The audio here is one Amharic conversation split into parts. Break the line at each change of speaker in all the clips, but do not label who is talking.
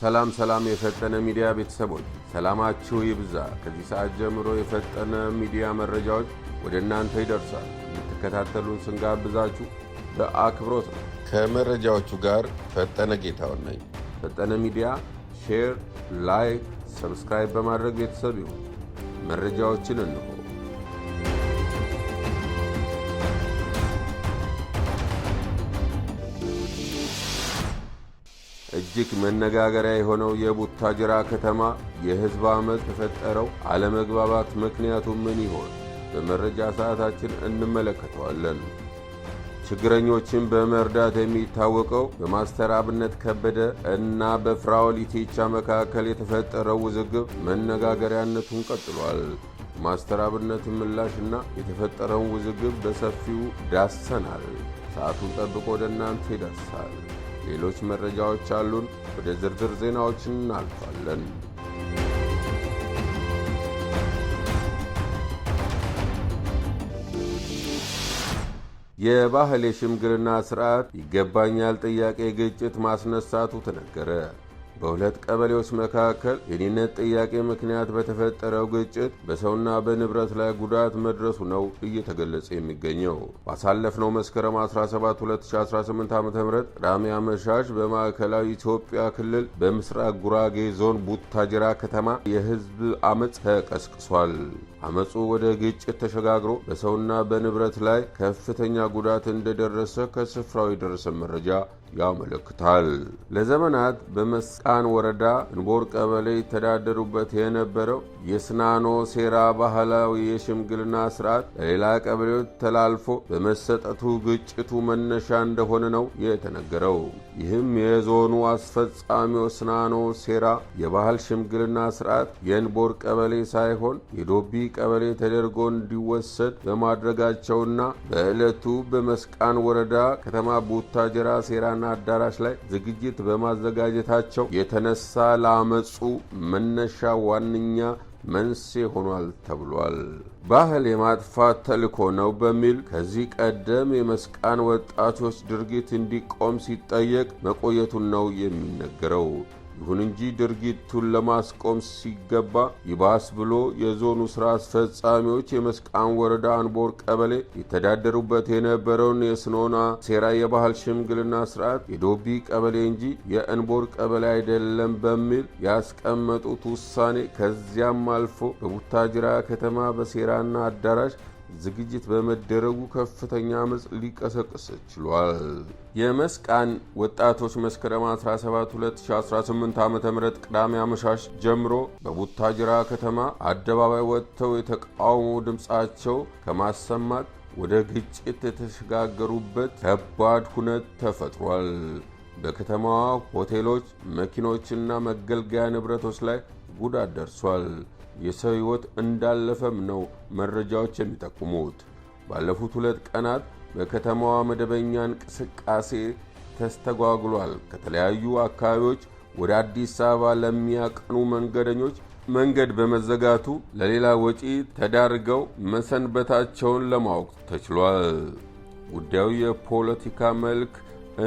ሰላም ሰላም የፈጠነ ሚዲያ ቤተሰቦች ሰላማችሁ ይብዛ። ከዚህ ሰዓት ጀምሮ የፈጠነ ሚዲያ መረጃዎች ወደ እናንተ ይደርሳል። እንድትከታተሉን ስንጋብዛችሁ በአክብሮት ነው።
ከመረጃዎቹ ጋር ፈጠነ ጌታውን ነኝ።
ፈጠነ ሚዲያ ሼር፣ ላይክ፣ ሰብስክራይብ በማድረግ ቤተሰብ ይሁን። መረጃዎችን እንሆ እጅግ መነጋገሪያ የሆነው የቡታጅራ ከተማ የህዝብ አመፅ ተፈጠረው አለመግባባት ምክንያቱ ምን ይሆን? በመረጃ ሰዓታችን እንመለከተዋለን። ችግረኞችን በመርዳት የሚታወቀው በማስተር አብነት ከበደ እና በፍራኦል ኢቴቻ መካከል የተፈጠረው ውዝግብ መነጋገሪያነቱን ቀጥሏል። ማስተር አብነት ምላሽና የተፈጠረውን ውዝግብ በሰፊው ዳሰናል። ሰዓቱን ጠብቆ ወደ እናንተ ይደርሳል። ሌሎች መረጃዎች አሉን። ወደ ዝርዝር ዜናዎችን እናልፋለን። የባህል የሽምግልና ስርዓት ይገባኛል ጥያቄ ግጭት ማስነሳቱ ተነገረ። በሁለት ቀበሌዎች መካከል የኔነት ጥያቄ ምክንያት በተፈጠረው ግጭት በሰውና በንብረት ላይ ጉዳት መድረሱ ነው እየተገለጸ የሚገኘው። ባሳለፍነው መስከረም 17 2018 ዓ ም ቅዳሜ አመሻሽ በማዕከላዊ ኢትዮጵያ ክልል በምስራቅ ጉራጌ ዞን ቡታጅራ ከተማ የህዝብ አመፅ ተቀስቅሷል። አመፁ ወደ ግጭት ተሸጋግሮ በሰውና በንብረት ላይ ከፍተኛ ጉዳት እንደደረሰ ከስፍራው የደረሰ መረጃ ያመለክታል። ለዘመናት በመስ ቃን ወረዳ እንቦር ቀበሌ ይተዳደሩበት የነበረው የስናኖ ሴራ ባህላዊ የሽምግልና ስርዓት ለሌላ ቀበሌዎች ተላልፎ በመሰጠቱ ግጭቱ መነሻ እንደሆነ ነው የተነገረው። ይህም የዞኑ አስፈጻሚው ስናኖ ሴራ የባህል ሽምግልና ስርዓት የእንቦር ቀበሌ ሳይሆን የዶቢ ቀበሌ ተደርጎ እንዲወሰድ በማድረጋቸውና በዕለቱ በመስቃን ወረዳ ከተማ ቡታጀራ ሴራና አዳራሽ ላይ ዝግጅት በማዘጋጀታቸው የተነሳ ለአመፁ መነሻ ዋነኛ መንስኤ ሆኗል ተብሏል። ባህል የማጥፋት ተልዕኮ ነው በሚል ከዚህ ቀደም የመስቃን ወጣቶች ድርጊት እንዲቆም ሲጠየቅ መቆየቱን ነው የሚነገረው። ይሁን እንጂ ድርጊቱን ለማስቆም ሲገባ ይባስ ብሎ የዞኑ ስራ አስፈጻሚዎች የመስቃን ወረዳ አንቦር ቀበሌ የተዳደሩበት የነበረውን የስኖና ሴራ የባህል ሽምግልና ስርዓት የዶቢ ቀበሌ እንጂ የእንቦር ቀበሌ አይደለም በሚል ያስቀመጡት ውሳኔ ከዚያም አልፎ በቡታጅራ ከተማ በሴራና አዳራሽ ዝግጅት በመደረጉ ከፍተኛ አመፅ ሊቀሰቅስ ችሏል። የመስቃን ወጣቶች መስከረም 17 2018 ዓ ም ቅዳሜ አመሻሽ ጀምሮ በቡታጅራ ከተማ አደባባይ ወጥተው የተቃውሞ ድምፃቸው ከማሰማት ወደ ግጭት የተሸጋገሩበት ከባድ ሁነት ተፈጥሯል። በከተማዋ ሆቴሎች፣ መኪኖችና መገልገያ ንብረቶች ላይ ጉዳት ደርሷል። የሰው ሕይወት እንዳለፈም ነው መረጃዎች የሚጠቁሙት። ባለፉት ሁለት ቀናት በከተማዋ መደበኛ እንቅስቃሴ ተስተጓጉሏል። ከተለያዩ አካባቢዎች ወደ አዲስ አበባ ለሚያቀኑ መንገደኞች መንገድ በመዘጋቱ ለሌላ ወጪ ተዳርገው መሰንበታቸውን ለማወቅ ተችሏል። ጉዳዩ የፖለቲካ መልክ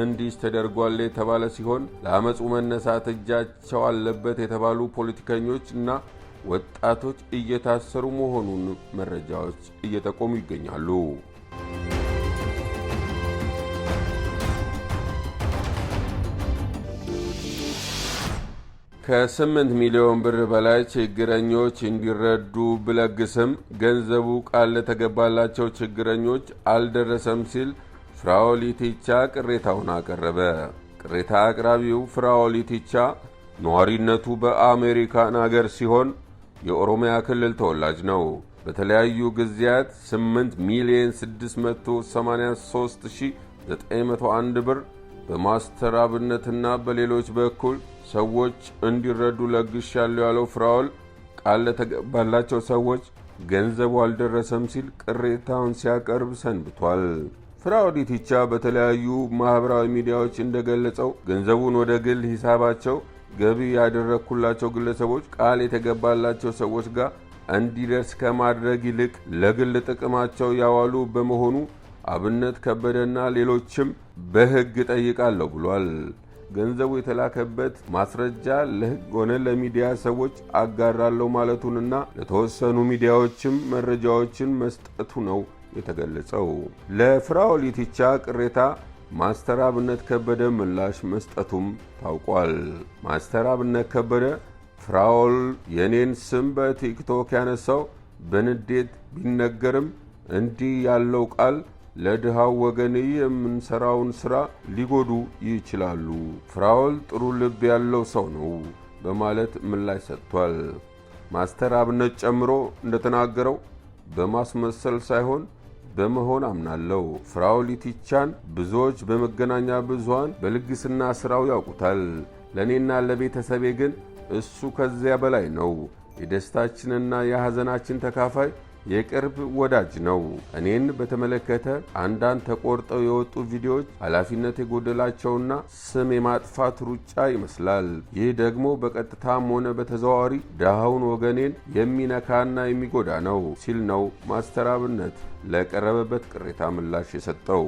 እንዲህ ተደርጓል የተባለ ሲሆን ለአመፁ መነሳት እጃቸው አለበት የተባሉ ፖለቲከኞች እና ወጣቶች እየታሰሩ መሆኑን መረጃዎች እየጠቆሙ ይገኛሉ። ከ8 ሚሊዮን ብር በላይ ችግረኞች እንዲረዱ ብለግስም ገንዘቡ ቃል ለተገባላቸው ችግረኞች አልደረሰም ሲል ፍራኦሊቲቻ ቅሬታውን አቀረበ። ቅሬታ አቅራቢው ፍራኦሊቲቻ ነዋሪነቱ በአሜሪካን አገር ሲሆን የኦሮሚያ ክልል ተወላጅ ነው። በተለያዩ ጊዜያት 8 ሚሊዮን 683,901 ብር በማስተር አብነትና በሌሎች በኩል ሰዎች እንዲረዱ ለግሽ ያለው ፍራውል ቃል ለተገባላቸው ሰዎች ገንዘቡ አልደረሰም ሲል ቅሬታውን ሲያቀርብ ሰንብቷል። ፍራኦል ኢቲቻ በተለያዩ ማኅበራዊ ሚዲያዎች እንደገለጸው ገንዘቡን ወደ ግል ሂሳባቸው ገቢ ያደረግኩላቸው ግለሰቦች ቃል የተገባላቸው ሰዎች ጋር እንዲደርስ ከማድረግ ይልቅ ለግል ጥቅማቸው ያዋሉ በመሆኑ አብነት ከበደና ሌሎችም በሕግ ጠይቃለሁ ብሏል። ገንዘቡ የተላከበት ማስረጃ ለሕግ ሆነ ለሚዲያ ሰዎች አጋራለሁ ማለቱንና ለተወሰኑ ሚዲያዎችም መረጃዎችን መስጠቱ ነው የተገለጸው። ለፍራኦል ኢቲቻ ቅሬታ ማስተር አብነት ከበደ ምላሽ መስጠቱም ታውቋል። ማስተር አብነት ከበደ ፍራውል የኔን ስም በቲክቶክ ያነሳው በንዴት ቢነገርም እንዲህ ያለው ቃል ለድሃው ወገን የምንሰራውን ስራ ሊጎዱ ይችላሉ። ፍራውል ጥሩ ልብ ያለው ሰው ነው በማለት ምላሽ ሰጥቷል። ማስተር አብነት ጨምሮ እንደተናገረው በማስመሰል ሳይሆን በመሆን አምናለሁ። ፍራው ሊቲቻን ብዙዎች በመገናኛ ብዙሃን በልግስና ስራው ያውቁታል። ለእኔና ለቤተሰቤ ግን እሱ ከዚያ በላይ ነው። የደስታችንና የሐዘናችን ተካፋይ የቅርብ ወዳጅ ነው። እኔን በተመለከተ አንዳንድ ተቆርጠው የወጡ ቪዲዮዎች ኃላፊነት የጎደላቸውና ስም የማጥፋት ሩጫ ይመስላል። ይህ ደግሞ በቀጥታም ሆነ በተዘዋዋሪ ድሃውን ወገኔን የሚነካና የሚጎዳ ነው ሲል ነው ማስተር አብነት ለቀረበበት ቅሬታ ምላሽ የሰጠው።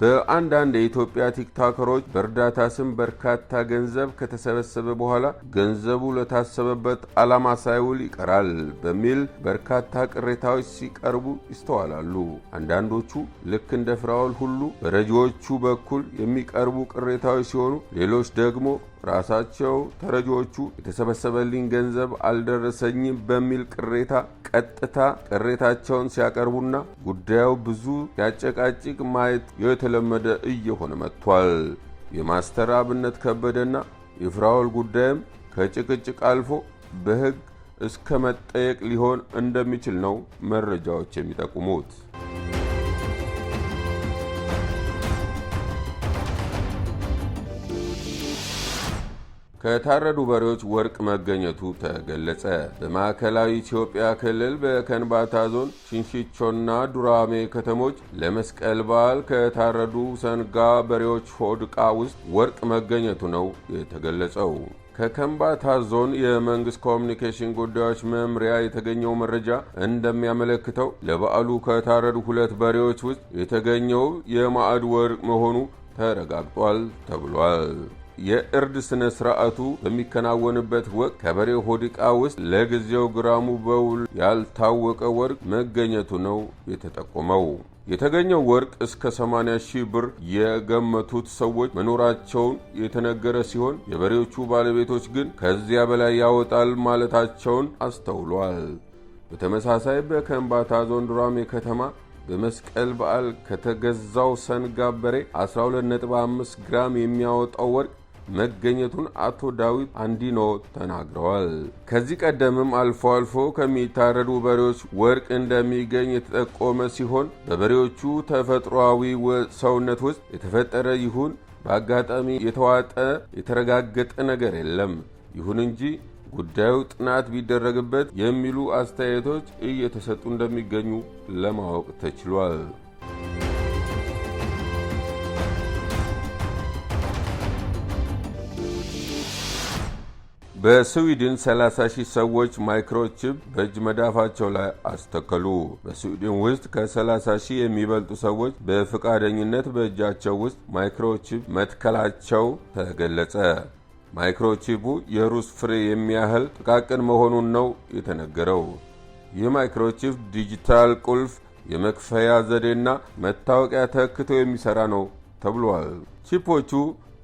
በአንዳንድ የኢትዮጵያ ቲክታከሮች በእርዳታ ስም በርካታ ገንዘብ ከተሰበሰበ በኋላ ገንዘቡ ለታሰበበት ዓላማ ሳይውል ይቀራል በሚል በርካታ ቅሬታዎች ሲቀርቡ ይስተዋላሉ። አንዳንዶቹ ልክ እንደ ፍራውል ሁሉ በረጂዎቹ በኩል የሚቀርቡ ቅሬታዎች ሲሆኑ፣ ሌሎች ደግሞ ራሳቸው ተረጂዎቹ የተሰበሰበልኝ ገንዘብ አልደረሰኝም በሚል ቅሬታ ቀጥታ ቅሬታቸውን ሲያቀርቡና ጉዳዩ ብዙ ሲያጨቃጭቅ ማየት የተለመደ እየሆነ መጥቷል። የማስተር አብነት ከበደና የፍራውል ጉዳይም ከጭቅጭቅ አልፎ በሕግ እስከ መጠየቅ ሊሆን እንደሚችል ነው መረጃዎች የሚጠቁሙት። ከታረዱ በሬዎች ወርቅ መገኘቱ ተገለጸ። በማዕከላዊ ኢትዮጵያ ክልል በከንባታ ዞን ሽንሽቾና ዱራሜ ከተሞች ለመስቀል በዓል ከታረዱ ሰንጋ በሬዎች ሆድ ዕቃ ውስጥ ወርቅ መገኘቱ ነው የተገለጸው። ከከንባታ ዞን የመንግስት ኮሚኒኬሽን ጉዳዮች መምሪያ የተገኘው መረጃ እንደሚያመለክተው ለበዓሉ ከታረዱ ሁለት በሬዎች ውስጥ የተገኘው የማዕድ ወርቅ መሆኑ ተረጋግጧል ተብሏል። የእርድ ስነ ስርዓቱ በሚከናወንበት ወቅት ከበሬ ሆድቃ ውስጥ ለጊዜው ግራሙ በውል ያልታወቀ ወርቅ መገኘቱ ነው የተጠቆመው። የተገኘው ወርቅ እስከ 80 ሺህ ብር የገመቱት ሰዎች መኖራቸውን የተነገረ ሲሆን የበሬዎቹ ባለቤቶች ግን ከዚያ በላይ ያወጣል ማለታቸውን አስተውሏል። በተመሳሳይ በከንባታ ዞን ዱራሜ ከተማ በመስቀል በዓል ከተገዛው ሰንጋ በሬ 12.5 ግራም የሚያወጣው ወርቅ መገኘቱን አቶ ዳዊት አንዲኖ ተናግረዋል። ከዚህ ቀደምም አልፎ አልፎ ከሚታረዱ በሬዎች ወርቅ እንደሚገኝ የተጠቆመ ሲሆን በበሬዎቹ ተፈጥሯዊ ሰውነት ውስጥ የተፈጠረ ይሁን በአጋጣሚ የተዋጠ የተረጋገጠ ነገር የለም። ይሁን እንጂ ጉዳዩ ጥናት ቢደረግበት የሚሉ አስተያየቶች እየተሰጡ እንደሚገኙ ለማወቅ ተችሏል። በስዊድን 30 ሺህ ሰዎች ማይክሮቺፕ በእጅ መዳፋቸው ላይ አስተከሉ። በስዊድን ውስጥ ከ30 ሺህ የሚበልጡ ሰዎች በፈቃደኝነት በእጃቸው ውስጥ ማይክሮቺፕ መትከላቸው ተገለጸ። ማይክሮቺፑ የሩዝ ፍሬ የሚያህል ጥቃቅን መሆኑን ነው የተነገረው። ይህ ማይክሮቺፕ ዲጂታል ቁልፍ የመክፈያ ዘዴና መታወቂያ ተክቶ የሚሰራ ነው ተብሏል። ቺፖቹ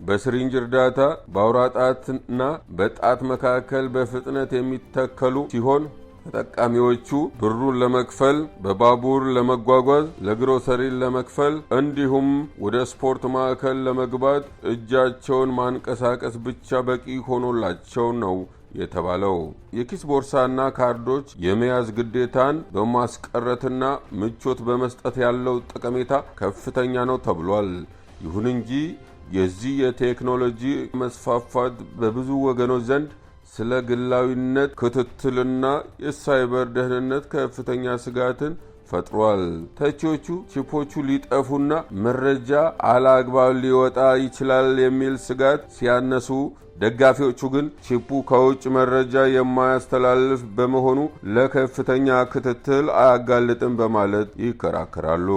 በስሪንጅ እርዳታ በአውራ ጣትና በጣት መካከል በፍጥነት የሚተከሉ ሲሆን ተጠቃሚዎቹ ብሩን ለመክፈል በባቡር ለመጓጓዝ፣ ለግሮሰሪን ለመክፈል እንዲሁም ወደ ስፖርት ማዕከል ለመግባት እጃቸውን ማንቀሳቀስ ብቻ በቂ ሆኖላቸው ነው የተባለው። የኪስ ቦርሳና ካርዶች የመያዝ ግዴታን በማስቀረትና ምቾት በመስጠት ያለው ጠቀሜታ ከፍተኛ ነው ተብሏል። ይሁን እንጂ የዚህ የቴክኖሎጂ መስፋፋት በብዙ ወገኖች ዘንድ ስለ ግላዊነት ክትትልና የሳይበር ደህንነት ከፍተኛ ስጋትን ፈጥሯል። ተቺዎቹ ቺፖቹ ሊጠፉና መረጃ አላግባብ ሊወጣ ይችላል የሚል ስጋት ሲያነሱ ደጋፊዎቹ ግን ቺፑ ከውጭ መረጃ የማያስተላልፍ በመሆኑ ለከፍተኛ ክትትል አያጋልጥም በማለት ይከራከራሉ።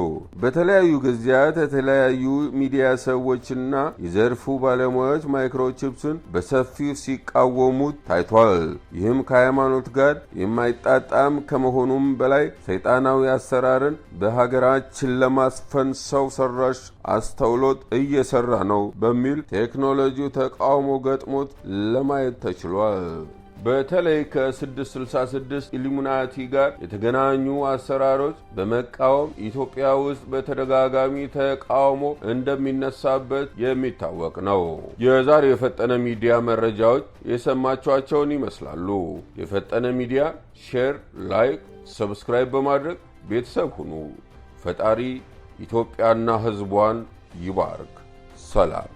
በተለያዩ ጊዜያት የተለያዩ ሚዲያ ሰዎችና የዘርፉ ባለሙያዎች ማይክሮቺፕስን በሰፊው ሲቃወሙት ታይቷል። ይህም ከሃይማኖት ጋር የማይጣጣም ከመሆኑም በላይ ሰይጣናዊ አሰራርን በሀገራችን ለማስፈን ሰው ሰራሽ አስተውሎት እየሰራ ነው በሚል ቴክኖሎጂው ተቃውሞ ገጥሞ ሞት ለማየት ተችሏል። በተለይ ከ666 ኢሊሙናቲ ጋር የተገናኙ አሰራሮች በመቃወም ኢትዮጵያ ውስጥ በተደጋጋሚ ተቃውሞ እንደሚነሳበት የሚታወቅ ነው። የዛሬ የፈጠነ ሚዲያ መረጃዎች የሰማችኋቸውን ይመስላሉ። የፈጠነ ሚዲያ ሼር፣ ላይክ፣ ሰብስክራይብ በማድረግ ቤተሰብ ሁኑ። ፈጣሪ ኢትዮጵያና ሕዝቧን ይባርክ። ሰላም